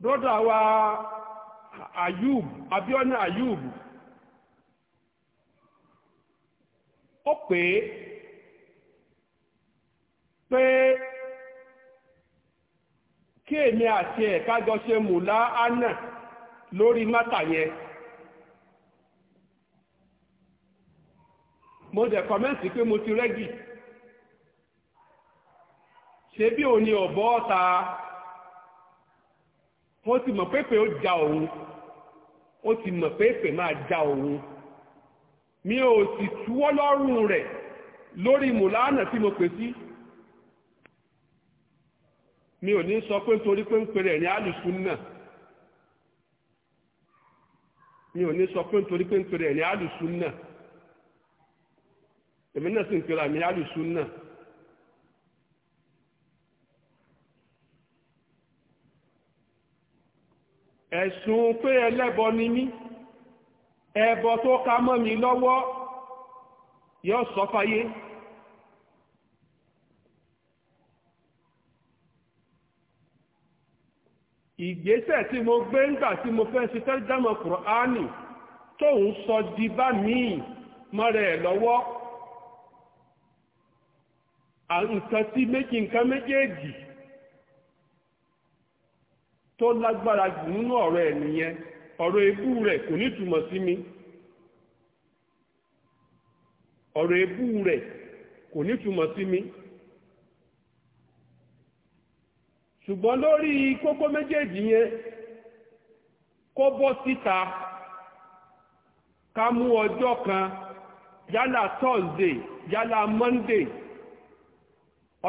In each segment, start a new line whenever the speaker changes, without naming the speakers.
broda wa Ayub Abiona Ayub ó pe pe pé àti ẹ̀ jọ ṣe mùlá ánà lórí mátà yẹn mo dẹ̀ kọ́mẹ́ǹtì pé mo ti rẹ́gì ṣé bí ni ọ̀ta. wọ́n ti mọ̀ pépè ó ja òun ó ti mọ̀ pépè máa ja òun mi ò sì túwọ́ lọ́rùn rẹ̀ lórí mùláànà tí mo pè sí mi ò ní sọ pé nítorí pé ń pè rẹ̀ ní alùsùnà mi ò ní sọ pé nítorí pé ń pè rẹ̀ ní alùsùnà èmi náà sì ń pè rà mí alùsùnà. ẹ̀sùn pé ẹlẹ́bọ ni mí ẹbọ tó ká mọ́ mi lọ́wọ́ yóò sọ fáyé ìgbésẹ̀ tí mo gbé ńgbà tí mo fẹ́ ṣiṣẹ́ dámọ̀ kùránì tóun sọ di bá míì mọ́rẹ̀ ẹ̀ lọ́wọ́ nǹkan tí méjì nǹkan méjèèjì tó lágbára jù nínú ọ̀rọ̀ ẹ̀ nìyẹn ọ̀rọ̀ ebú rẹ̀ kò ní túmọ̀ sí mi ọ̀rọ̀ ebú rẹ̀ kò ní túmọ̀ sí mi ṣùgbọ́n lórí kókó méjèèjì yẹn kó bọ́ síta ká mú ọjọ́ kan yálà Thursday yálà Monday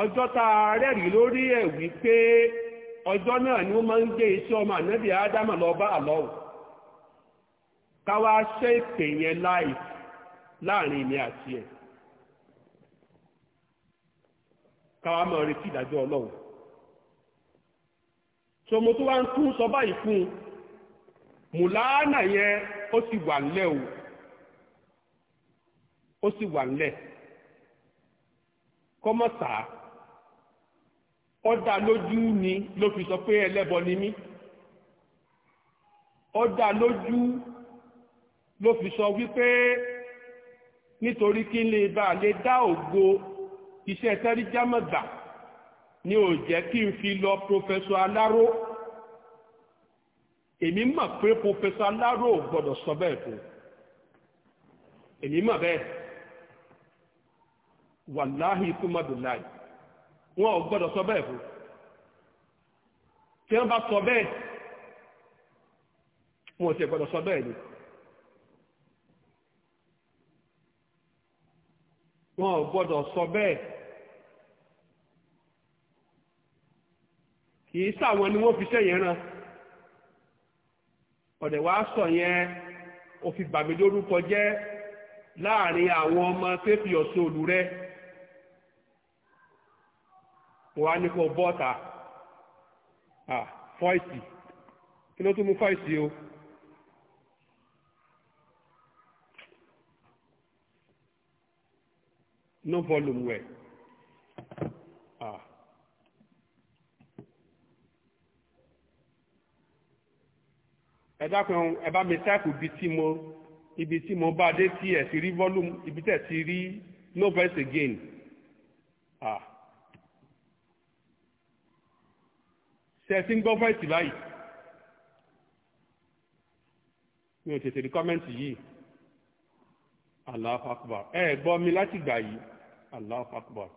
ọjọ́ tá a rẹ́rìí lórí ẹ̀ wípé ọjọ́ náà ni wọ́n máa ń gbé iṣẹ́ ọmọ ànábì ádámà lọ bá àlọ́wù káwá ṣe ìpè yẹn láì láàrin àti ẹ̀ káwá máa retí ìdájọ́ ọlọ́run so tó tún sọ báyìí fún mùláánà yẹn wà ńlẹ̀ o ó sì wà ńlẹ̀ ó dá lójú ni ló fi sọ pé ẹlẹ́bọ ni mí ó dá lójú ló fi sọ wípé nítorí kí n lè bá lè dá ògo iṣẹ́ tẹ́ríjámọ̀ gbà ni ò jẹ́ kí n fi lọ pòfẹ́sọ aláró èmi mọ̀ pé pòfẹ́sọ aláró ò gbọ́dọ̀ sọ bẹ́ẹ̀ fún èmi mọ̀ bẹ́ẹ̀ wàláhì kúmọ̀dùláì wọn ò gbọ́dọ̀ sọ bẹ́ẹ̀ fún tí wọ́n bá sọ bẹ́ẹ̀ wọn ò sì gbọ́dọ̀ sọ bẹ́ẹ̀ ni wọn ò gbọ́dọ̀ sọ bẹ́ẹ̀ kìí sáwọn ni wọ́n fi sẹ́yìn rán ọ̀dẹ̀ wàá sọ yẹn ó bàmí lórúkọ jẹ́ láàrin àwọn ọmọ pépì ọ̀sọ́ọ̀lù rẹ̀ mo wá ní kó bọ́ọ̀tà fọ́ìsì kí ló tún mú fọ́ìsì o. no volume wẹ̀. Ah. ẹ dákun ẹ bá mi táìpù ibi tí mo ibi tí mo bá dé tí ẹ ti rí volume ibi tẹ̀ ti rí no verse again. Ah. tẹ̀sí ń gbọ́ fọ́ìsì báyìí mi ò tètè rí kọ́mẹ́ǹtì yìí Allahu Akbar ẹ ẹ gbọ́ mi láti gbà yìí Allahu Akbar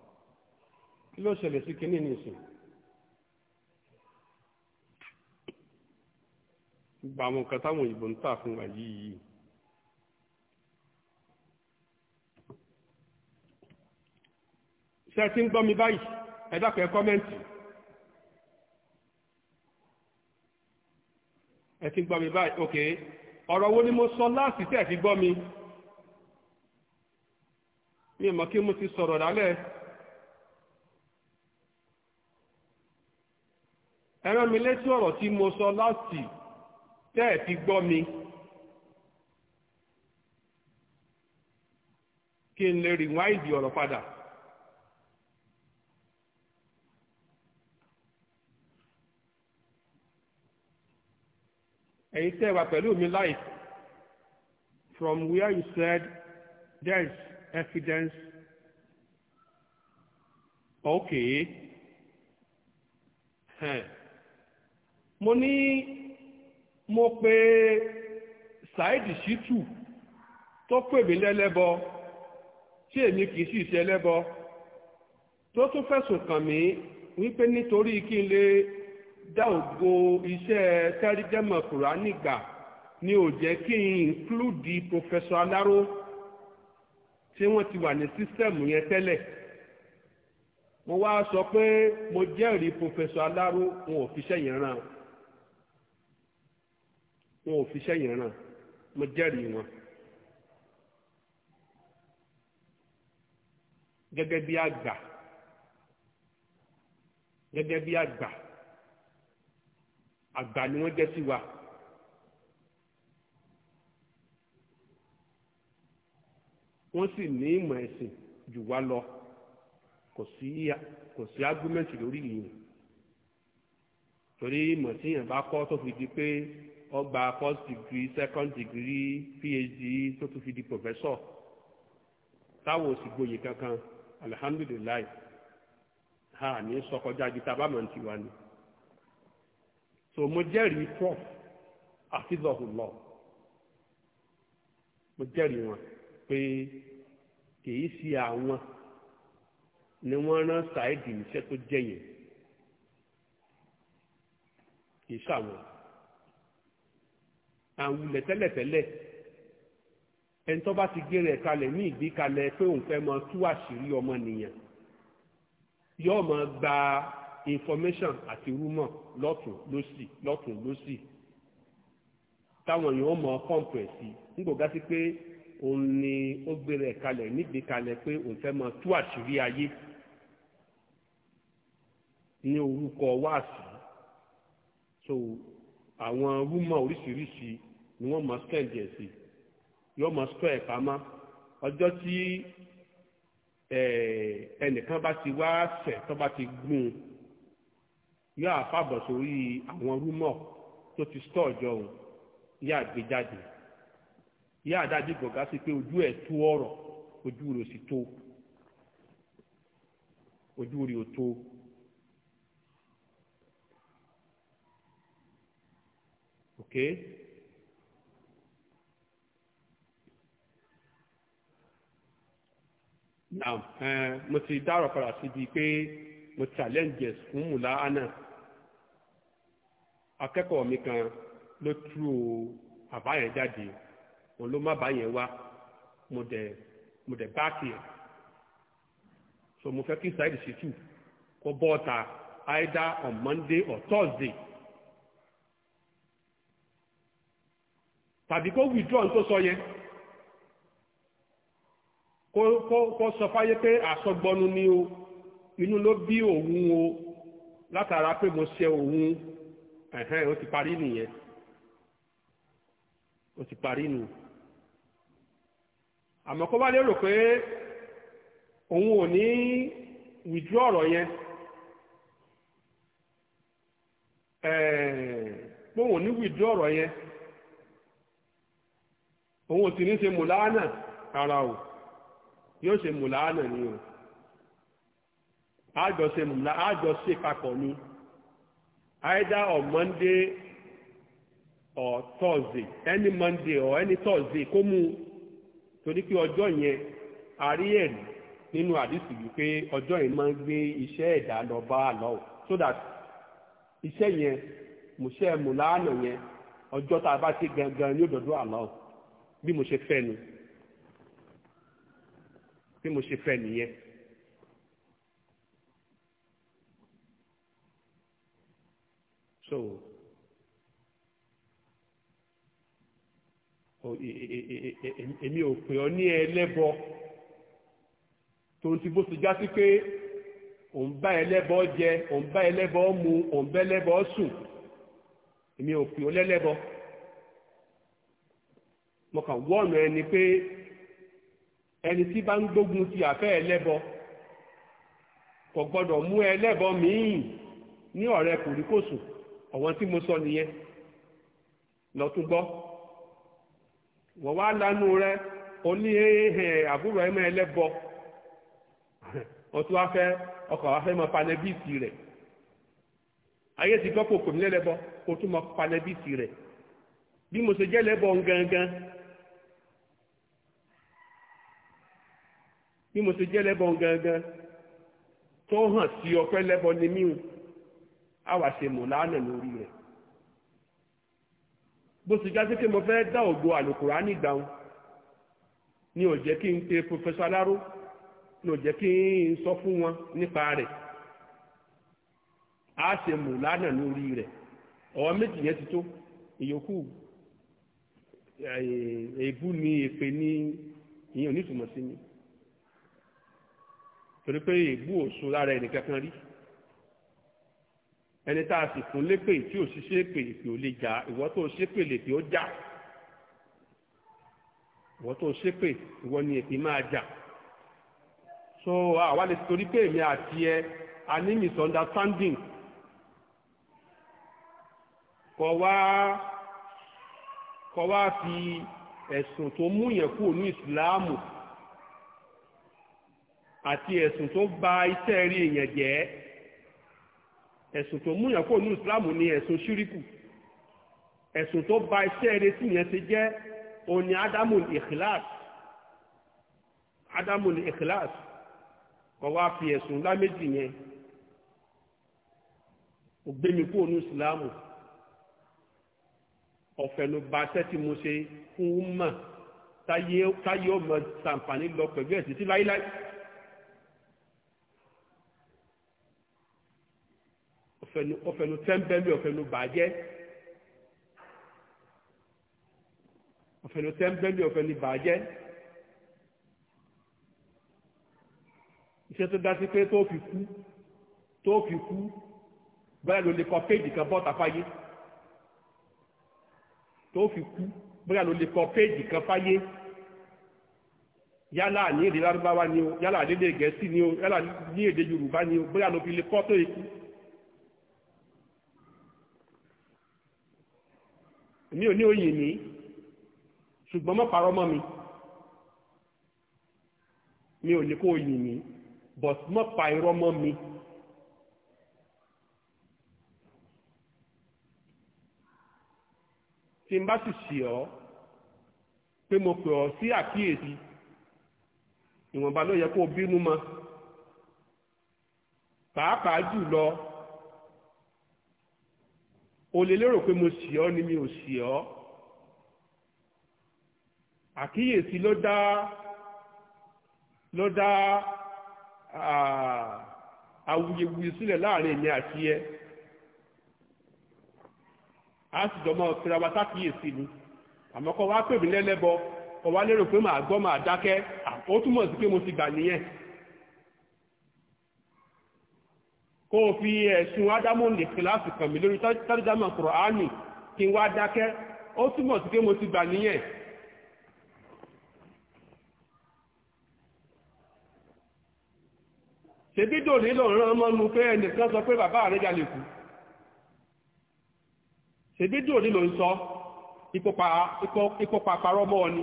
kí ló ṣẹlẹ̀ sí kínní nìsín gba àwọn nǹkan táwọn òyìnbó ń tà fún wa yìí yìí. ṣé ti ń gbọ́ mi báyìí ẹ dákun ẹ kọ́mẹ́ǹtì. ẹ gbọ́ mi báyìí ok ọ̀rọ̀ wo ni mo sọ láti tẹ̀ fi gbọ́ mi mi mọ̀ kí mo ti sọ̀rọ̀ lálẹ́ ẹ̀rọ mi létí ọ̀rọ̀ tí mo sọ láti tẹ́ ẹ̀ fi gbọ́ mi kí n lè rìwáìdì ọ̀rọ̀ padà. ẹ̀yin tẹ́ wà pẹ̀lú mi live from where you said there is evidence okay huh. mo ní mo pe Saheed Shittu tó pè mí lẹ́lẹ́bọ tí èmi kì í sì ṣe ẹlẹ́bọ tó tún fẹ̀sùn kàn mí wípé nítorí kí n lè dá ògo iṣẹ́ tẹ́rígẹ́mọ̀ kùránì gbà ni ò jẹ́ kí n include professor aláró tí wọ́n ti wà ní sísẹ̀mù yẹn tẹ́lẹ̀ mo wá sọ pé mo jẹ́rìí professor aláró wọn ò fiṣẹ́ yẹn ràn wọn ò fiṣẹ́ yẹn ràn mo jẹ́rìí wọn. gẹ́gẹ́ bí àgbà gẹ́gẹ́ bí àgbà àgbà ni wọ́n jẹ́ sí wa. wọ́n sì ní ìmọ̀ ẹ̀sìn jù wá lọ kò sí kò sí ágúmẹ̀ntì lórí ìyẹn torí ìmọ̀ tí èèyàn bá kọ́ tó fi di pé ó gba first degree second degree phd tó tún fi di professor táwọn ò sì gboyè kankan alihamudulilayi ha ní sọkọjá ibi tá a bá mọ̀ ní tiwa ni so mo jẹ́rìí prof àfihàn mo jẹ́rìí wọn pé kìí ṣe àwọn ni wọ́n rán ṣáìdì níṣẹ́ tó jẹ́ yẹn kìí ṣàwọn àwọn ilẹ̀ tẹ́lẹ̀tẹ́lẹ̀ ẹni tó bá ti gé rẹ̀ kalẹ̀ ní ìgbékalẹ̀ pé òun fẹ́ mọ tú àṣírí ọmọnìyàn yóò mọ gba information àti rumor lọ́tún lọ́sì lọ́tún lọ́sì táwọn èèyàn mọ̀ pọ́ǹpù ẹ̀ sí nígbògá sí pé òun ni ó gbéra ẹ̀ kalẹ̀ nígbè kalẹ̀ pé òun fẹ́ mọ tú àṣírí ayé ní orúkọ wáàsí so àwọn rumor oríṣiríṣi ni wọ́n mọ̀ spend ẹ̀ sí yóò mọ̀ sọ ẹ̀ pamọ́ ọjọ́ tí ẹnìkan bá ti wá sẹ̀ tó bá ti gún un yóò àfàbọ̀ sórí àwọn rúmọ̀ tó ti stọ̀ ọjọ́ òun yóò àgbé jáde yóò àdájú gbọ̀gá sí pé ojú ẹ̀ tó ọ̀rọ̀ ojú rẹ̀ sì tó ojú rẹ̀ ò tó. Okay? now eh, mo ti dárò padà síbi pé mo challenges fún mùlá anna akẹ́kọ̀ọ́ mi kan ló tú àbá yẹn jáde òun ló má bá yẹn wá mo dẹ̀ mo dẹ̀ báàkì ẹ̀ so mo fẹ́ kí Saheed Shittu kó bọ́ ọ̀ta either on Monday or Thursday tàbí kó withdraw tó sọ yẹn kó kó kó sọ fáyé pé àsọgbọnu ni o inú ló bí òun o látara pé mo ṣe òun. ẹ̀hẹ́n ó ti parí nìyẹn ó ti parí nù àmọ́ kó bá lérò pé òun ò ní wìdú ọ̀rọ̀ yẹn pé òun ò ní wìdú ọ̀rọ̀ yẹn òun ò sì ní ṣe mùláánà ara o yóò ṣe mùláánà ni o àjọṣe papọ̀ ni. either on Monday or Thursday any Monday or any Thursday kó mú un torí pé ọjọ́ yẹn a rí ẹ̀rí nínú àdìsí wípé ọjọ́ yẹn máa ń gbé iṣẹ́ ẹ̀dá lọ bá àlọ́ so that iṣẹ́ yẹn mùṣẹ́ mùláàánà yẹn ọjọ́ tá a bá ti gangan ní òdòdó àlọ́ bí mo ṣe fẹ́ nu bí mo ṣe fẹ́ nìyẹn. so e, e, e, èmi ò pè ọ ní ẹlẹ́bọ tòun ti bó ti já sí pé òun bá ẹlẹ́bọ jẹ òun bá ẹlẹ́bọ mu òun bá ẹlẹ́bọ sùn èmi ò pè ọ lẹ́lẹ́bọ mo kàn wọ́ọ̀nù ẹni pé ẹni tí bá ń gbógun ti àfẹ́ ẹlẹ́bọ kò gbọ́dọ̀ mú ẹlẹ́bọ míì ní ọ̀rẹ́ kòríkòsùn. ọ̀wọ́n tí mo sọ nìyẹn lọ tún gbọ́ wọ́n wá lánú rẹ ó ní àbúrò ẹ̀ ẹlẹ́bọ ọtún wá ọkọ̀ wá mọ panẹ́bíìsì rẹ̀ ayé ti gbọ́ kò ní lẹ́lẹ́bọ kó tún mọ panẹ́bíìsì rẹ̀ bí mo ṣe jẹ́ lẹ́bọ gangan bí mo ṣe àwa ṣe mọ̀ lánà lórí rẹ̀ bó ti jásí pé mo fẹ́ dá ògo àlùkùránì gbàùn ni ò jẹ́ kí n pe pòfẹ́sọ̀ aláró ni ò jẹ́ kí n sọ fún wọn nípa rẹ̀ a ṣe mọ̀ lánà lórí rẹ̀ ọ̀wọ́ méjì yẹn ti tó ìyókù eh, èébú ni èpè ni ìyẹn ò ní ìtumọ̀ sí mi torí pé èébú ò so lára ẹnìkankan rí ẹni tá a sì fún lépè tí ò sì ṣépè èpè ò lè jà ìwọ tó ṣépè lèpè ó jà ìwọ tó ṣépè ìwọ ni èpè máa jà so àwa lè torí pé èmi àti ẹ a ní misunderstanding kọ wá kọ wá fi ẹ̀sùn tó mú yẹn kúrò ní ìsìláàmù àti ẹ̀sùn tó bà iṣẹ́ rí èèyàn jẹ́ ẹ̀sùn tó múyàn kó ní ìsìláàmù ni ẹ̀sùn ṣíríkù ẹ̀sùn tó ba iṣẹ́ eré tí yẹn ti jẹ́ òní Adamu ìkìláàsì ádámù ìkìláàsì kò wá fi ẹ̀sùn ńlá méjì yẹn ó gbé mi kó ní ìsìláàmù ọ̀fẹ́ ló ba iṣẹ́ tí mo ṣe fún mọ̀ táyé ọmọ sàǹfààní lọ pẹ̀lú ẹ̀sìn sí láíláí. ọ̀fẹ̀nu tẹ́ńbẹ́lú ọ̀fẹ̀nu bàjẹ́ ọ̀fẹ̀nu tẹ́ńbẹ́lú ọ̀fẹ̀nu bàjẹ́ iṣẹ́ tó dá sí pé tó fi kú tó fi kú bóyá ló lè kọ péèjì kan bọ́ta fáyé tó fi kú bóyá ló lè kọ péèjì kan fáyé yálà ní èdè lárúbáwá ni o yálà ní èdè gẹ̀ẹ́sì ni o yálà ní èdè yorùbá ni o bóyá ló fi lè kọ́ tó ikú èmi ò ní òye ní ṣùgbọ́n mọ́ parọ́ mọ́ mi mi ò ní kó òye ní but mọ́ pa irọ́ mọ́ mi. tí n bá sì ṣì ọ́ pé mo pè ọ́ sí àkíyèsí ìwọ̀nba ló yẹ kó bínú mọ́ pàápàá jù lọ. o lè lérò pé mo sì ni mi ò sì ọ́ àkíyèsí ló dá ló dá awuyewuye sílẹ̀ láàrin èmi àti ẹ a sì jọ mọ́ ọ̀sẹ̀ rabata kíyèsí mi àmọ́ kọ́ wá pè mí lẹ́lẹ́bọ kọ́ wá lérò pé màá gbọ́ màá dákẹ́ ó mo ti gbà kó o fi ẹ̀sùn ádámù lè kíláàsì kàn lórí tọ́júdámà kùrọ̀ánì kí wá dákẹ́ ó túmọ̀ sí pé mo ti gbà níyẹn nílò rán pé ẹnìkan sọ pé bàbá kú nílò ń sọ mọ́ ọ ni.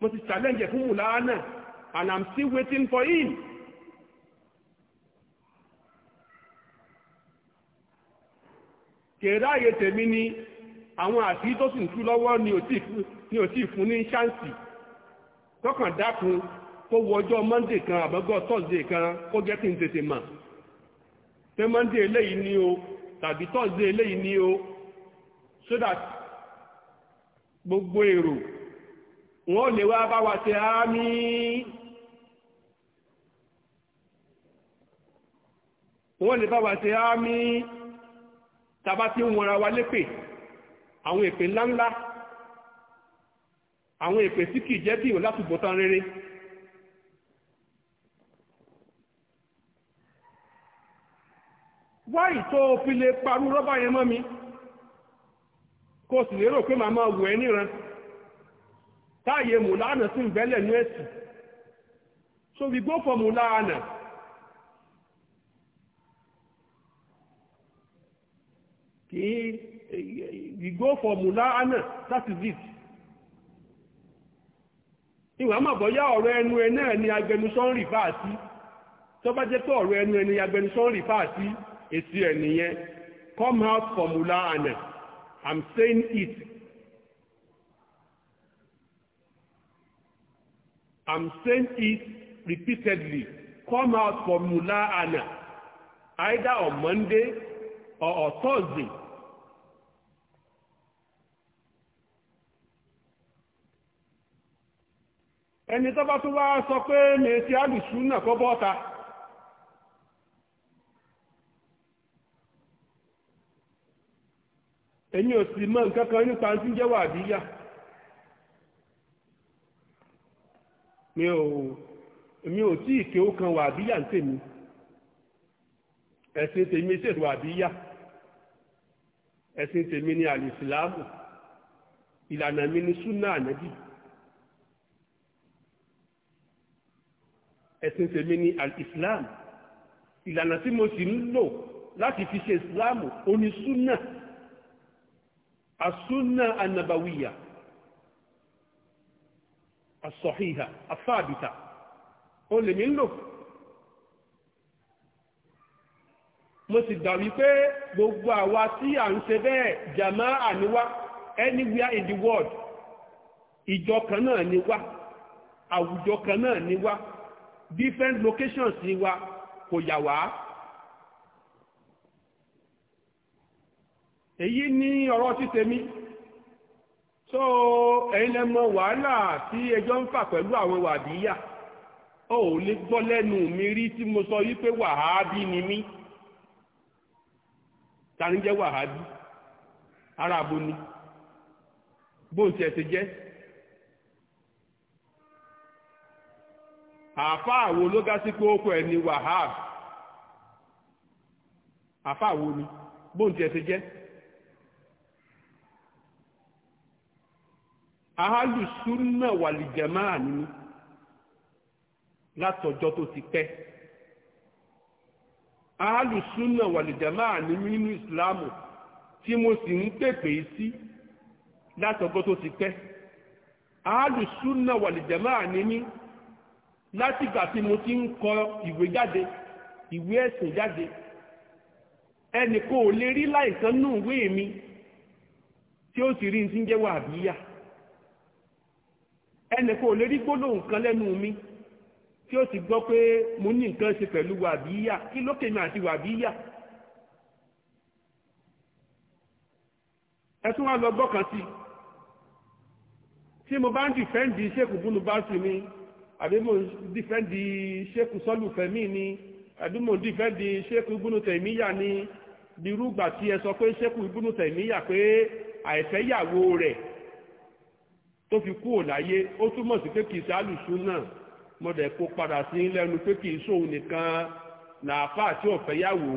mo ti challenge fún Maulana and I'm still waiting for him. kèrè ààyè tèmi ni àwọn àti tó sì ń tú lọ́wọ́ ni ò tí fún ní ṣáǹsì tọkàn dákun kó wọjọ́ monday kan àbọ́gọ́ thursday kan kó jẹ́ tètè mà pé monday eléyìí ni o tàbí thursday eléyìí ni o so that gbogbo èrò wọ́n lè wá bá wa ṣe àmì wọ́n lè bá wa ṣe àmì tàbá tí ń wọra wa lépè àwọn èpè ńláńlá àwọn èpè tí kìí jẹ́ bí ìwò látùbọ̀ tán rere wáyìí tó fi lè parú rọ́bà yẹn mọ́ mi kó sì lérò pé màá máa wù ẹ́ níran táàyè mùláàna sì ń ní ẹ̀sìn so we go for mùláàna kì í we go for mùláàna that is it ìwà àmàbọ̀yá ọ̀rọ̀ ẹnu ẹ náà ni agbẹnusọ ń rì fáà sí tó bá jẹ́ pé ọ̀rọ̀ ẹnu ẹni agbẹnusọ ń rì fáà èsì ẹ̀ nìyẹn come out for mùláàna I'm saying it I'm saying it repeatedly. Come out from Mula Ana, either on Monday or on Thursday. ẹni tó bá tún wá sọ pé mèsì alùsùn náà kọ́ bọ́ta ẹ̀yin ò sì mọ̀ nǹkan kan nípa tí ń jẹ́ wàdíyà mi ò mi ò tí ìké ó kan wàbíyà ń tèmi ẹ̀sìn tèmi ṣe wàbíyà ẹ̀sìn tèmi ni àlìsìláàmù ìlànà mi ni súnà ànábì ẹ̀sìn tèmi ni àlìsìláàmù ìlànà tí mo sì ń lò láti fi ṣe ìsìláàmù ó ní súnà àsúnà ànàbàwíyà. àsọ̀híhà àfáàbìtà ó lèmi ń lò mo si gbà pe gbogbo àwa tí à ń ṣe bẹ́ẹ̀ jàmá àníwá anywhere in the world ìjọ kan náà ni wá àwùjọ ni wá different locations ni wá kò yà wá. ni ọ̀rọ̀ ti so ẹ̀yin lẹ mọ wàhálà tí ẹjọ́ ń fà pẹ̀lú àwọn wàdíyà ó ò lè gbọ́ lẹ́nu mi rí tí mo sọ yí pé wàhábí ni mí ta ni jẹ́ wàhábí aráàbò ni bóun tiẹ̀ ti jẹ́ àáfàá wo ló ga sí pé ó kọ wàhábí àáfàá wo ni bóun tiẹ̀ ti jẹ́. ahálùsúnà wàlìjẹ̀máà ni mí tó ti pẹ́ ahálùsúnà wàlìjẹ̀máà ni nínú islamu tí mo sì ń pèpè sí látọjọ́ tó ti pẹ́ ahálùsúnà wàlìjẹ̀máà ni mí látìgbà tí mo ti ń kọ ìwé jáde ìwé ẹ̀sìn jáde ẹnì kò lè rí láìsàn mi tí ó sì rí ní ẹnì kan ò lè rí gbólóhùn kan lẹ́nu mi tí ó ti gbọ́ pé mo ní nǹkan ṣe pẹ̀lú wàbíyà kí lókè mi àti wàbíyà ẹ tún wá lọ gbọ́ kan sí tí mo bá ń dìfẹ́ǹdì ṣéèkù búnú bá mi àbí mo ń dìfẹ́ǹdì ṣéèkù sọ́lùfẹ̀mí ni àbí mo ń dìfẹ́ǹdì ṣéèkù búnú tẹ̀míyà ni dirúgbà tí ẹ sọ pé ṣéèkù búnú tẹ̀míyà pé àìfẹ́yàwó rẹ̀ tó fi kú òláyé ó túmọ̀ sí pé kìí sálù súnà mo dẹ̀ kó padà sí lẹ́nu pé kìí sóun nìkan làáfà tí ò fẹ́ yàwó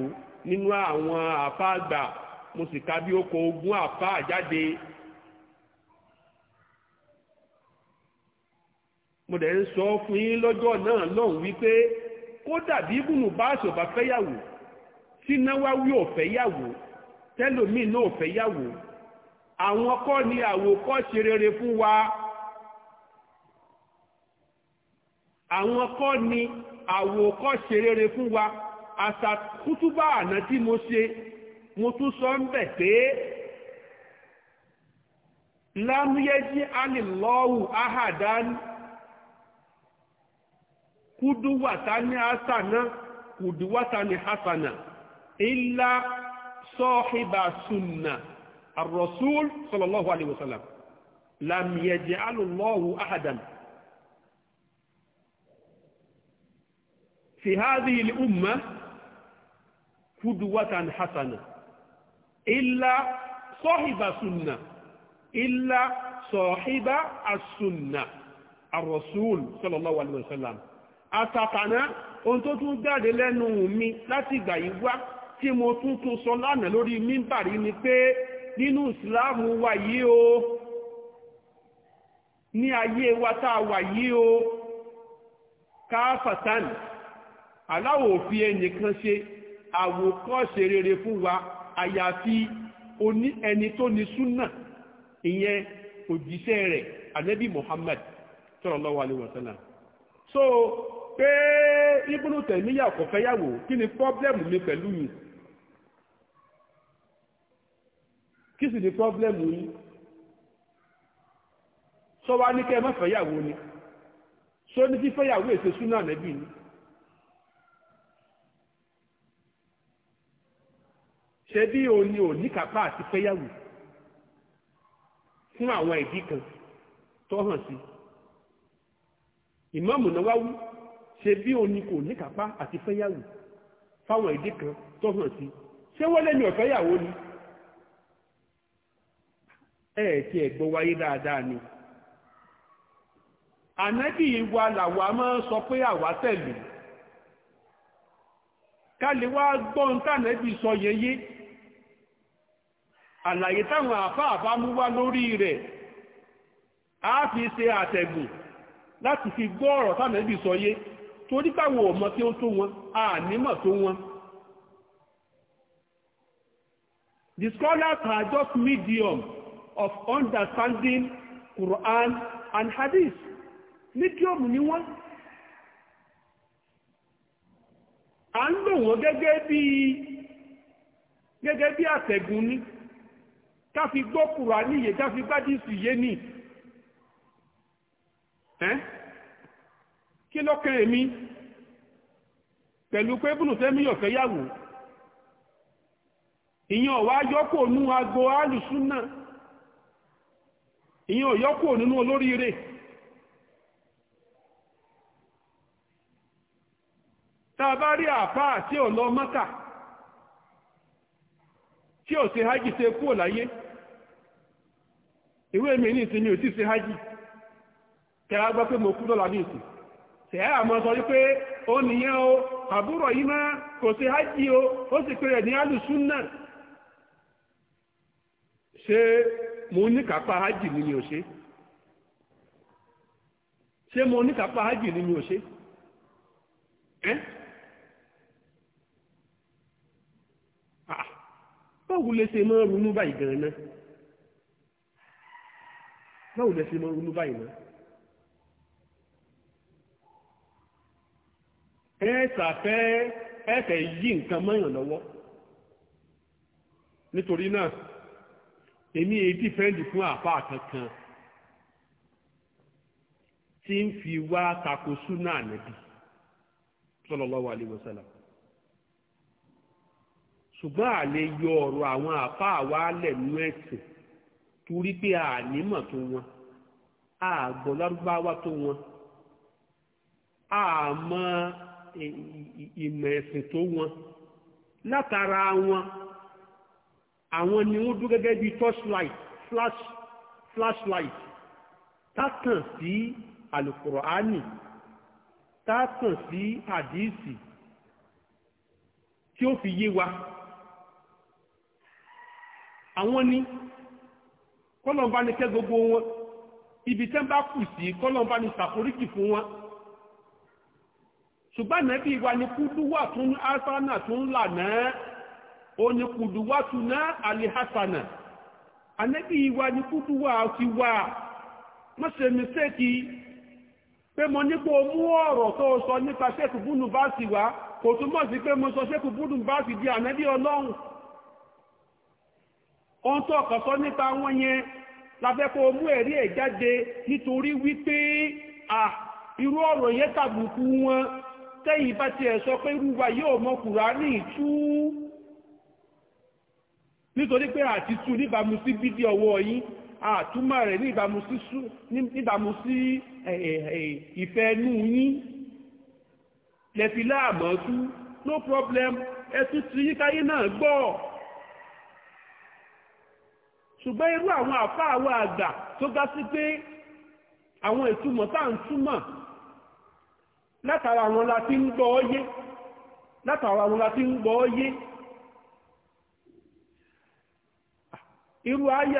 nínú àwọn àfà àgbà mo sì ka bí ó kọ ogún àfà jáde mo dẹ̀ ń sọ fún yín lọ́jọ́ náà lọ́hùn wípé kó dàbí ibùnú báàsì ọ̀bà fẹ́yàwó tí náwáwí ò fẹ́yàwó tẹ́lòmíì náà ò fẹ́yàwó àwọn kọ́ ni àwòkọ́ṣe rere fún wa àwọn kọ́ ni àwòkọ́ṣe rere fún wa àná tí mo ṣe mo tún sọ ń bẹ̀ pé lámúyẹ́jí alìlọ́wù áhàdán kúdúwàtá ní àṣàná kùdúwàtá ní hasana ilá sọ́ọ̀hìbà sunnah الرسول صلى الله عليه وسلم لم يجعل الله أحدا في هذه الأمة قدوة حسنة إلا صاحب سنة إلا صاحب السنة الرسول صلى الله عليه وسلم àtàtàná أن tó tún jáde lẹ́nu mi láti ìgbà yìí wá tí mo nínú ìsìláàmù wa yìí o ní ayé wata tá a wà yìí o káfàtán aláwò òfin ẹnìkan ṣe àwòkọ́ṣe rere fún wa àyàfi ẹni tó ní súnà ìyẹn òjíṣẹ́ rẹ̀ ànábì Muhammad sallallahu alaihi wasallam so pé ibùdó tẹ̀míyà kò fẹ́yàwó kí ni pọ́blẹ́mù mi pẹ̀lú yìí kìsì sì pọ́blẹ́mù yín sọ ní kẹ́ ni sọ ní fífẹ́yàwó èsè súnà nẹ́bì ni ṣe bí ni òní kápá àti fẹ́yàwó fún àwọn ìdí kan tó hàn sí ìmáàmù Nawawi ṣe bí kò ní àti fẹ́yàwó fáwọn ìdí kan tó hàn sí ṣé wọ́n lé mi ọ̀fẹ́yàwó ni. ẹ̀ tí ẹ̀ wáyé dáadáa ni ànábì wa làwà máa ń sọ pé àwà tẹ̀lé ká lè wá gbọ́n tànábì sọ yẹyẹ àlàyé táwọn àfáàfá mú wá lórí rẹ̀ A fi ṣe àtẹ̀gùn láti fi gbọ́ ọ̀rọ̀ tànábì sọ yé torí báwọn ọmọ tí ó tó wọn a nímọ̀ tó wọn the scholars are just medium of understanding Quran and Hadith medium ni wọ́n a ń lò wọ́n gẹ́gẹ́ bí gẹ́gẹ́ bí àtẹ̀gùn ni ká fi gbọ́ Kùránì yé ká fi gbádìsì yé ni ẹ́ kí ló kẹ́ èmi pẹ̀lú pé bùnú tẹ́mi yọ̀fẹ́ yàwó ìyẹn ọ̀wá yọ́kò nú agbo alùsùn náà ìyẹn ọ̀yọ́ kò nínú olóríire tá a bá rí àpá tí ò lọ mọ́kà tí ò ṣe hajj ṣe kúrò láyé ìwé mi ní ìsinmi ò tí ṣe hajj tẹ́wàá gbọ́ pé mo kú lọ́la ní ìsìn àmọ́ sọ wípé ó o àbúrò yìí máa kò ṣe hajj o ó sì pé rẹ̀ ní alùsùn náà ṣe mo ní kápá hajj ni mi ò ṣe ṣé mo ní kápá hajj ni mi ò ṣe ẹ́ ah, báwo lẹ ṣe máa ronú báyìí gan-an náà báwo lẹ ṣe máa ronú báyìí náà ẹ̀ẹ́sàfẹ́ ẹ̀ẹ́fẹ́ yí nǹkan mọ́yàn lọ́wọ́ nítorí náà èmi èyí dìfẹ́ǹdì fún àpá kankan tí ń fi wá tako súnà ànábì ṣùgbọ́n àlè yọ ọ̀rọ̀ àwọn ẹ̀sìn torí pé tó wọn lárúbáwá tó wọn àmọ́ ìmọ̀ ẹ̀sìn tó wọn látara àwọn ni wọ́n dúró gẹ́gẹ́ bí torchlight flash flashlight tátàn sí alukur'ani tátàn sí àdìsí tí ó fi yé wa àwọn ni kọ́lọ̀mbá ni kẹ́ gbogbo wọn ibi tẹ́ bá kù sí kọ́lọ̀mbá ni ṣàforíjì fún wọn ṣùgbọ́n nẹ́bí wa ni kúdú wà tún ásánà tún lànà onye kuduwatuna alihasana anabi wa ni kuduwa ti wa má ṣe mistake pé mo ní kó mú ọ̀rọ̀ tó sọ nípa ṣẹ́kù mo so di ànábì ọlọ́run ohun tó ọ̀kan sọ nípa wọn yẹn láfẹ́ kó mú ẹ̀rí ẹ̀ wa nítorí pé àti tú níbàmú sí bídí ọwọ́ yín àtúmọ̀ rẹ̀ níbàmú sí ìfẹ́ ẹnu yín lẹ́fi láàmọ́ tú no problem ẹtú ti yíkáyé náà gbọ́ ṣùgbọ́n irú àwọn àfá àwọn àgbà tó gá sí pé àwọn ìtumọ̀ tá ń túmọ̀ látara wọn la ti ń gbọ́ ọyé látara wọn la ti ń gbọ́ ọyé irú ayé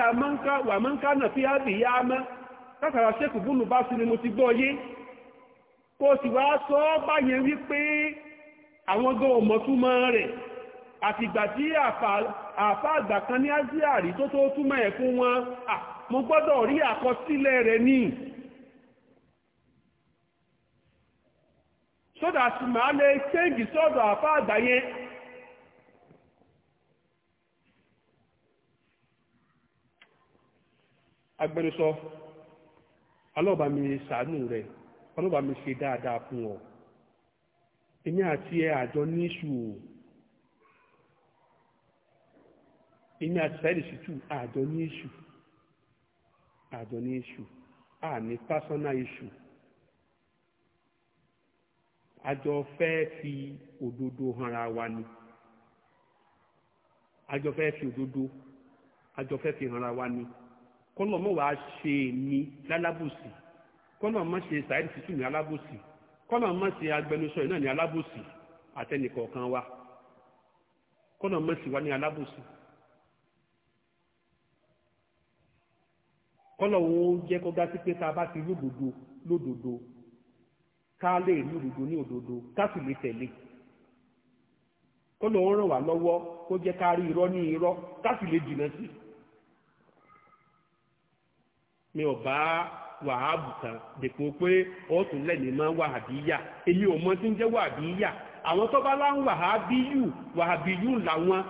wà mọ́ ń kánà fi ábì yá mọ́ látara ṣékù búnú bá sí ni mo ti gbọ́ yé kó sì wá sọ báyẹn wípé àwọn gan ọmọtúmọ̀ rẹ̀ àtìgbà tí àfá àgbà kan ní ásíà rí tó tó túmọ̀ ẹ̀ fún wọn mo gbọ́dọ̀ rí àkọsílẹ̀ rẹ̀ ní sódà sì máa lè ṣéǹgì sọ́dọ̀ àfá yẹn agbẹnusọ ọlọ́ọ̀bá mi sàánù rẹ̀ ọlọ́ọ̀bá mi ṣe dáadáa fún ọ èmi àti ẹ àjọ ní iṣu o àti sáyẹ́dì ṣìtú àjọ ní àjọ ní àní pásánà fẹ́ fi òdodo hanra wa ni kọ́nà mọ̀ wá ṣe mi lálábòsì kọ́nà mọ̀ ṣe sàìdì títù ní alábòsì kọ́nà mọ̀ ṣe agbẹnusọ yìí náà ní alábòsì àtẹnìkọ̀ọ̀kan wa kọ́nà mọ̀ ṣe wá ní alábòsì. kọ́nà òun jẹ́ kó gá sí pé tá a bá ti rí òdodo lódodo ká lè rí òdodo ní òdodo ká sì lè tẹ̀lé kọ́nà òun ràn wá lọ́wọ́ kó jẹ́ ká rí irọ́ ní irọ́ ká sì lè jìnnà sí i. mi ò bá wàhábù kan dèpò pé ó tún lẹ́ni mọ́ wàhábíyà èmi ò mọ tí ń jẹ́ wàhábíyà àwọn tó bá láwọn wàhábíyù wàhábíyù làwọn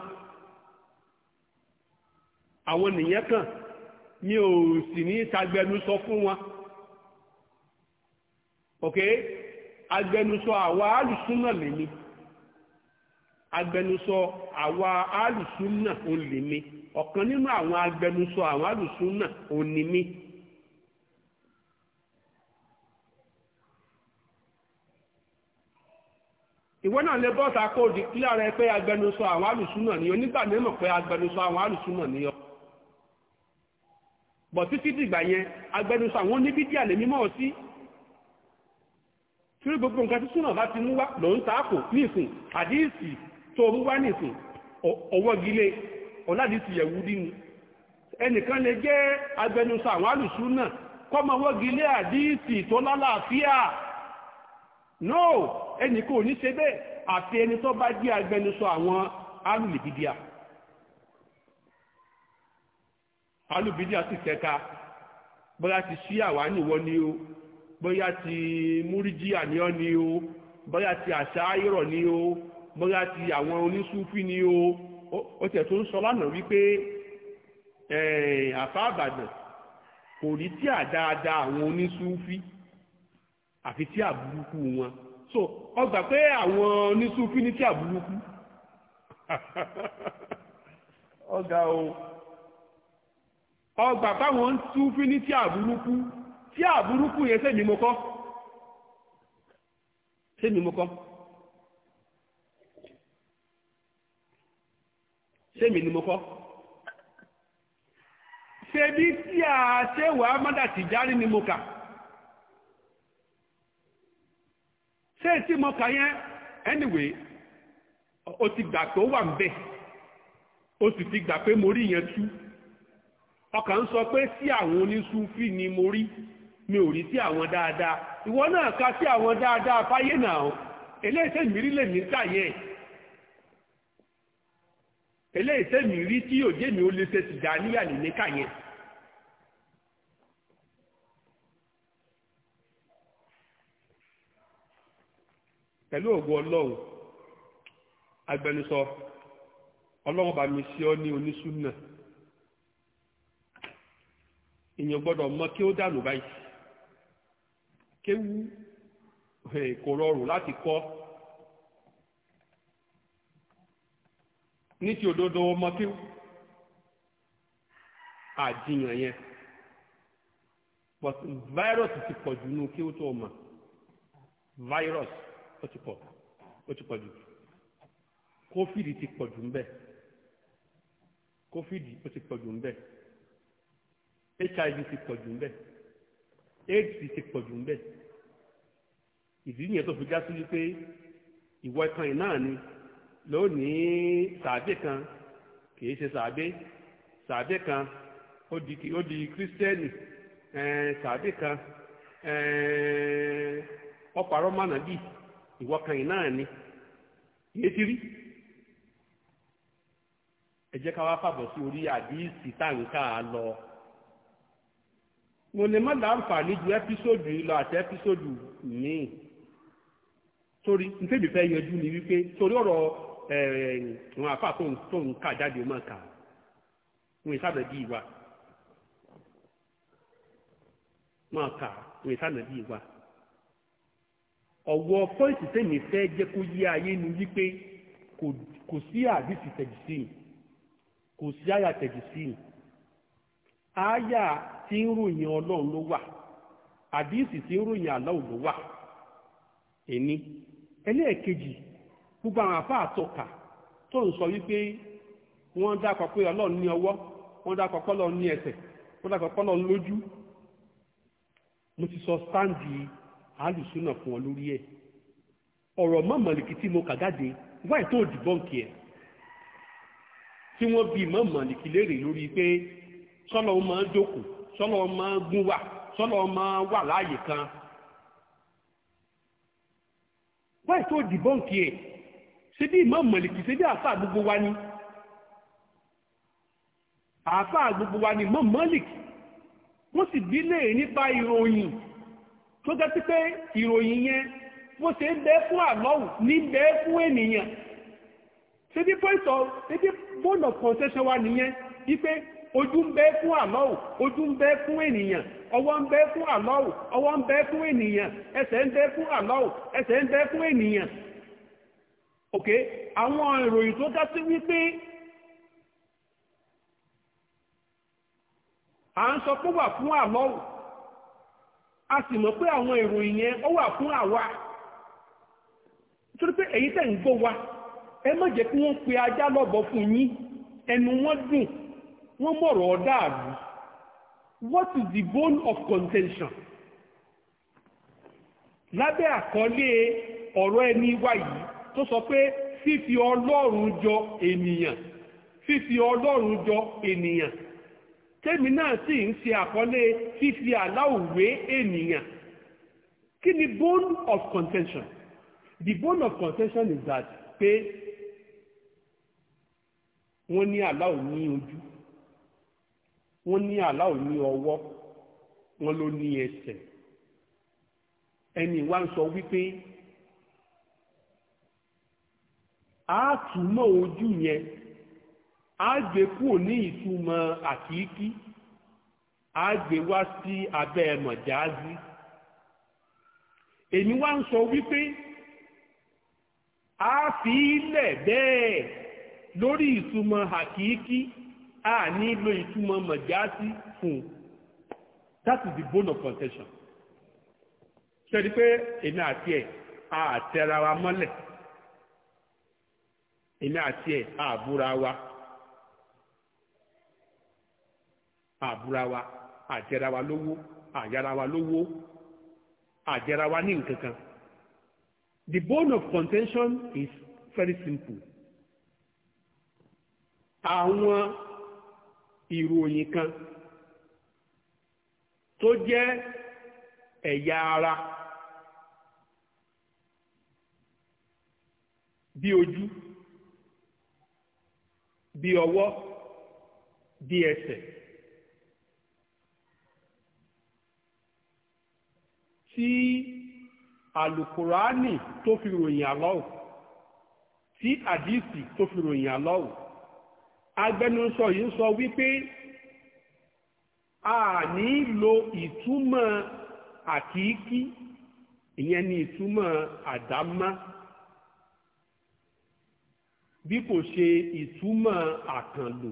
àwọn nìyẹn kàn mi ò sì ní tagbẹnusọ fún wọn ok agbẹnusọ àwa alùsúnà lèmi agbẹnusọ àwa alùsúnà òun lèmi ọ̀kan nínú àwọn agbẹnusọ àwọn alùsúnà òun ni mí. ìwọ náà lè bọ́ta kó di kílẹ̀ rẹ pé agbẹnusọ àwọn alùsùnà ni onígbà mẹ́mọ̀ pé agbẹnusọ àwọn alùsùnà ni ọ bọ̀ títí dìgbà yẹn agbẹnusọ àwọn oníbídíà lè mímọ̀ sí tí gbogbo nǹkan tí bá ti mú wá ló ń taako nísìn àdíìsì tó mú wá nísìn ọwọ́gilé ọ̀làdìsì no ẹnì kò ní ṣe bẹ́ẹ̀ àfi ẹni tó bá jẹ́ agbẹnusọ àwọn alùlìbídíà alùbídíà sì kẹka bóyá ti ṣí àwa nìwọ ni o bóyá ti múríjíà ni ọ ni o bóyá ti àṣà ayọ̀rọ̀ ni o bóyá ti àwọn onísúfì ni o ó tẹ̀ tó ń sọ lánàá wípé eh, àfáà àbàdàn kò rí tí àdáadáa àwọn onísúfì àfi tí àbúrúkú wọn so ọgbà pé àwọn onísúfí ní tí àbúrúkú ọgá o ọgbà páwọn súfí ní tí àbúrúkú tí àbúrúkú yẹn sẹ́mi mo kọ́ sẹ́mi mo kọ́ sẹ́mi ni mo kọ́ ṣe bí tí a ṣe wàá mọ́dà tìjárí ni mo ṣé tí mo kà yẹn anyway o ti gbà pé ó wà ń bẹ̀ o sì ti gbà pé mo rí yẹn tú ọkàn ń sọ pé sí àwọn onísúfì ni mo rí mi ò rí sí àwọn dáadáa ìwọ náà ka sí àwọn dáadáa fáyé náà eléyìíṣẹ́ mi rí lè mí kàyẹ́ eléyìíṣẹ́ mi rí tí òjé mi ó lè ṣe tìjà níyà lè ní kàyẹ́ pẹ̀lú ògo ọlọ́run agbẹnusọ ọlọ́run bá mi sí ọ ní onísùnà èèyàn gbọ́dọ̀ mọ kí ó dànù báyìí kéwú kò rọrùn láti kọ́ ní ti òdodo ọmọ kéwú àjiyàn yẹn but virus ti pọ̀jù nù kéwú tó mọ̀ virus. ó ti pọ̀ ti pọ̀ kófìdì ti pọ̀ jù ńbẹ̀ kófìdì ó ti pọ̀ jù ńbẹ̀ hiv ti pọ̀ jù ńbẹ̀ aids ti pọ̀ jù ńbẹ̀ ìdí nìyẹn tó fi já sí wípé ìwọ ẹ̀kan yìí náà ni lónìí sàbẹ̀ kan kìí ṣe sàbẹ̀ sàbẹ̀ kan ó di ó di kírísítẹ́nì eh, kan ọ̀pọ̀ eh, àrọ́mọ́nà bíi. ìwọ kan yìí náà ni ìyẹn ti rí ẹ jẹ́ ká wá fàbọ̀ sí orí àdíìsì táǹkà lọ mo lè má láǹfààní ju ẹ́písòdù yìí lọ àti ẹ́písòdù míì torí ntẹ́bi fẹ́ yanjú ni wípé torí ọ̀rọ̀ àwọn àfa tó ń kà jáde ó máa kà wọn ìsàbẹ̀ bíi wa máa kà wọn ìsàbẹ̀ bíi wa. ọ̀wọ́ pọ́ìntì tẹ̀mí fẹ́ jẹ́ kó yé ayé nu wípé kò sí àdìsí tẹ̀jìsí kò sí àyà tẹ̀jìsí àyà tí ń ròyìn ọlọ́run ló wà tí ń ròyìn ló wà ẹni ẹlẹ́ẹ̀kejì gbogbo àwọn àfa àtọkà tó ń sọ wípé wọ́n dákọ̀ pé ọlọ́run ní ọwọ́ wọ́n dákọ̀ pé ọlọ́run ní ẹsẹ̀ wọ́n mo ti sọ sáǹdì yìí alùsùnà fún ọ lórí ẹ̀ ọ̀rọ̀ mọ́ mọ̀lìkì tí mo kà jáde wáì tó dìbọ́ǹkì ẹ̀ tí wọ́n bí mọ́ mọ̀lìkì léèrè lórí pé sọ́lọ́ máa ń jókòó sọ́lọ́ máa gún wà sọ́lọ́ máa wà láàyè kan wáì tó dìbọ́ǹkì ẹ̀ ṣé bí mọ́ ṣé bí àfáà gbogbo wa ni àfáà gbogbo wa ni mọ́ mọ̀lìkì sì bí léèrè nípa ìròyìn tó jẹ́ pípé ìròyìn yẹn bó ṣe ń bẹ fún àlọ́wù ní bẹ fún ènìyàn ṣe bí point of ṣe bí bone of concession wa nìyẹn wípé ojú ń bẹ fún àlọ́wù ojú ń bẹ fún ènìyàn ọwọ́ ń bẹ fún àlọ́wù ọwọ́ ń bẹ fún ènìyàn ẹsẹ̀ ń bẹ fún àlọ́wù ẹsẹ̀ ń bẹ fún ènìyàn ok àwọn ìròyìn tó dá sí wípé à ń sọ pé wà fún àlọ́wù a sì mọ̀ pé àwọn ìròyìn yẹn ó wà fún àwa torí pé èyí tẹ̀ wa ẹ má jẹ́ kí wọ́n pe ajá lọ́bọ̀ fún yín ẹnu wọn dùn wọ́n mọ̀rọ̀ ọ̀dáàbù what is the bone of contention lábẹ́ àkọlé ọ̀rọ̀ ẹni wá yìí tó sọ pé fífi ọlọ́run jọ ènìyàn tẹ́mi náà sì ń ṣe àkọlé fífi àláòwé ènìyàn kí ni bone of contention the bone of contention is that pé wọ́n ní àláò ní ojú wọ́n ní àláò ní ọwọ́ wọ́n ló ní ẹsẹ̀ ẹni wá ń sọ wípé a túmọ̀ ojú yẹn agbe gbé kúrò ní ìtumọ̀ àkíkí á gbé wá sí abẹ́ mọ̀jáàzí èmi wá ń sọ wípé a fi ilẹ̀ bẹ́ẹ̀ lórí ìtumọ̀ àkíkí a nílò ìtumọ̀ mọ̀jáàzí fún that is the bone of contention ṣe rí pé èmi àti ẹ̀ àtẹ̀ra wa mọ́lẹ̀ èmi àti ẹ̀ àbúra wa. àbúra wa lówó àyára lówó àjẹra ní nǹkan kan the bone of contention is very simple àwọn ìròyìn kan tó jẹ́ ẹ̀yà ara bí ojú bí ọwọ́ bí ẹsẹ̀ tí àlùkùránì tó fi ròyìn àlọ́wù tí àdìsì tó fi ròyìn àlọ́wù agbẹnusọ yìí sọ wípé a ní lo ìtumọ̀ àkíkí ìyẹn ni ìtumọ̀ àdámá bí kò ṣe ìtumọ̀ àkànlò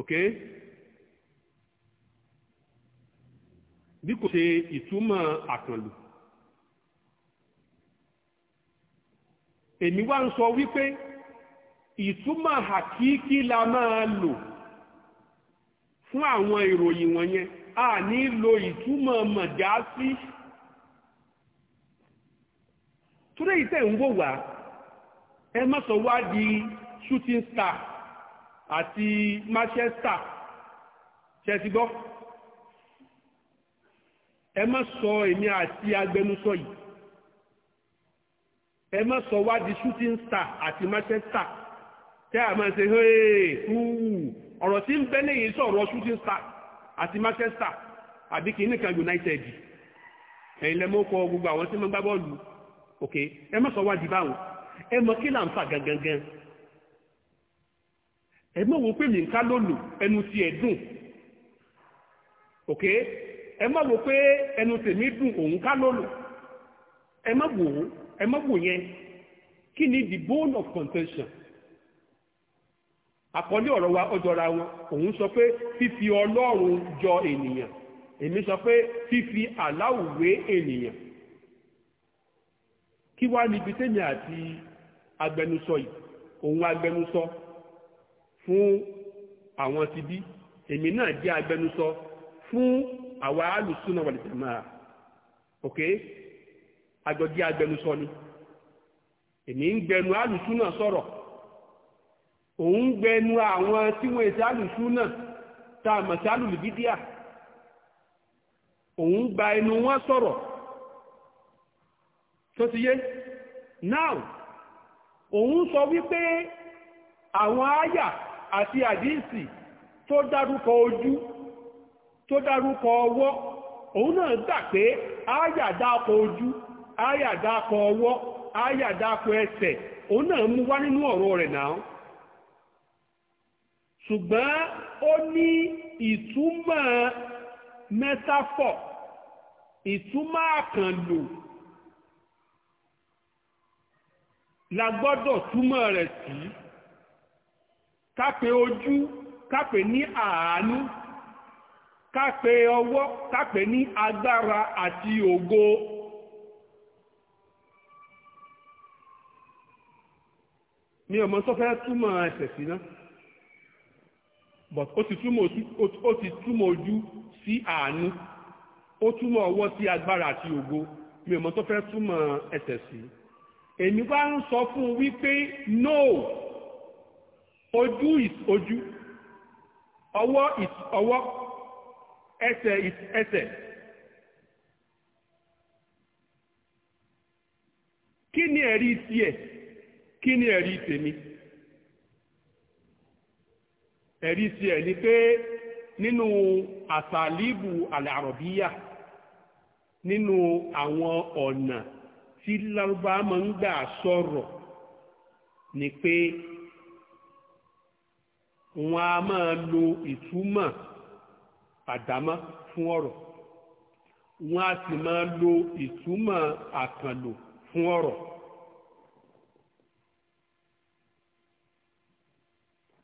okay bí kò ṣe ìtumọ̀ àkànlò. èmi wá ń sọ wípé ìtumọ̀ àkíkí la máa lò fún àwọn ìròyìn wọ̀nyẹn a ní lo ìtumọ̀ mọ̀dásí túnlẹ̀ ìtẹ̀ ń wò wá ẹ má wá di shooting star àti Manchester ṣe gbọ́ ẹ má sọ èmi àti agbẹnusọ yìí ẹ má sọ wá di shooting star àti Manchester tẹ́ àmọ́ ṣe hey kúù ọ̀rọ̀ tí ń bẹ́ lẹ́yìn sọ̀rọ̀ shooting star àti Manchester àbí kìíní kan United ẹ̀yìn lẹ́mọ́ kọ gbogbo àwọn tí wọ́n gbá bọ́ọ̀lù ok ẹ má sọ wá di báwọn ẹ mọ kí là ń fà gangan ẹ mọ̀ wọ́n pè mí ń ká lónìí ẹnu tiẹ̀ dùn ok ẹ má wò pé ẹnu tèmi dùn òun ká lòlò ẹ má wò ó ẹ má wò yẹn kí ni the bone of contention àkọlé ọ̀rọ̀ wa ọjọ́ra wọn òun sọ pé fífi ọlọ́run jọ ènìyàn èmi sọ pé fífi aláwùwé ènìyàn kí wá níbi tẹ́mi àti agbẹnusọ yìí òun agbẹnusọ fún àwọn ti èmi náà jẹ́ agbẹnusọ fún àwa alùsùnà wal jamaa ok àjọjí agbẹnusọ ni èmi ń gbẹnu alùsùnà sọ̀rọ̀ òun ń gbẹnu àwọn tí wọ́n èsì alùsùnà tá a mọ̀ sí alùlùbídíà òun gba ẹnu wọn sọ̀rọ̀ tó ti yé now òun sọ wípé àwọn àyà àti àdíìsì tó dárúkọ ojú tó dárúkọ ọwọ́ òun náà gbà pé áyàdákọ ojú áyàdákọ ọwọ́ áyàdákọ ẹsẹ̀ òun náà mú wá nínú ọ̀rọ̀ rẹ̀ náà ṣùgbọ́n ó ní ìtumọ̀ mẹ́tàfọ̀ ìtumọ̀ àkànlò la gbọ́dọ̀ túmọ̀ rẹ̀ sí kápẹ́ ojú kápẹ́ ní àánú kápe ọwọ́ kápe ní agbára àti ògo ní ọmọ tó fẹ́ túmọ̀ ẹsẹ̀ sí náà but ó ti túmọ̀ ojú sí àánú ó túmọ̀ ọwọ́ sí agbára àti ògo mi ọmọ tó fẹ́ túmọ̀ ẹsẹ̀ sí èmi bá ń sọ fún wípé no ojú is ojú ọwọ́ is ọwọ́ ẹsẹ̀ ẹsẹ̀ kí ni ẹ̀rí tiẹ̀ kí ni ẹ̀rí tèmi ẹ̀rí tiẹ̀ ni pé nínú àsàlíbù àlàrọ̀bíyà nínú àwọn ọ̀nà tí lárúbá máa ń gbà sọ̀rọ̀ ni pé wọ́n a máa lo ìtumọ̀ àdámọ́ fún ọ̀rọ̀ wọ́n á sì máa lo ìtumọ̀ àkànlò fún ọ̀rọ̀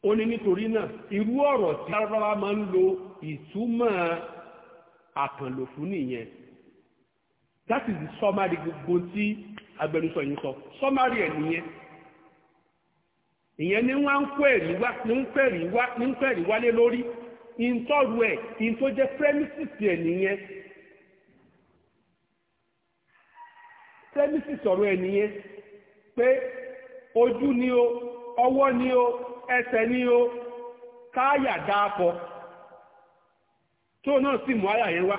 ó ní nítorí náà irú ọ̀rọ̀ tí lárúbáwá máa ń lo ìtumọ̀ àkànlò fún nìyẹn that is the summary gbogbo tí agbẹnusọ yìí sọ summary ẹ̀ nìyẹn ìyẹn ni wọ́n ń kó ẹ̀rí wá ní ń kó ẹ̀rí wá ní ń kó ẹ̀rí wálé lórí. ìntọ́rù ẹ̀ ìntó jẹ́ premises ẹ̀ nìyẹn premises ọ̀rọ̀ ẹ̀ nìyẹn pé ojú ni o ọwọ́ ni o ẹsẹ̀ ni o káyà dáàpọ̀ tó náà sì mú àyà yẹn wá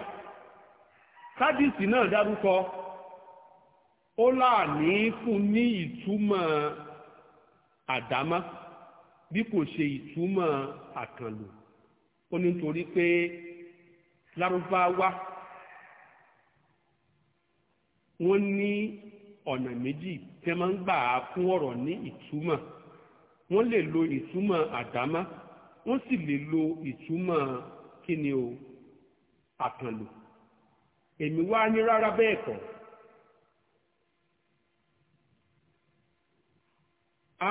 sádìsì náà dárúkọ ó láàní fún ní ìtumọ̀ àdámá bí kò ṣe ìtumọ̀ àkànlò ó ní nítorí pé lárúbáwá wọ́n ní ọ̀nà méjì tí wọ́n máa ń gbà á fún ọ̀rọ̀ ní ìtumọ̀ wọ́n lè lo ìtumọ̀ àdámá wọ́n sì lè lo ìtumọ̀ kíni o àkànlò èmi wá ní rárá bẹ́ẹ̀ kọ́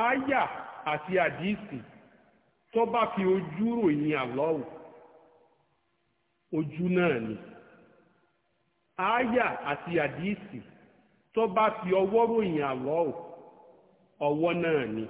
ááyà àti àdìsí tó bá fi ojú ròyìn Allahu ojú náà ni àáyà àti àdìsí tó bá fi ọwọ́ ròyìn Allahu ọwọ́ náà ni.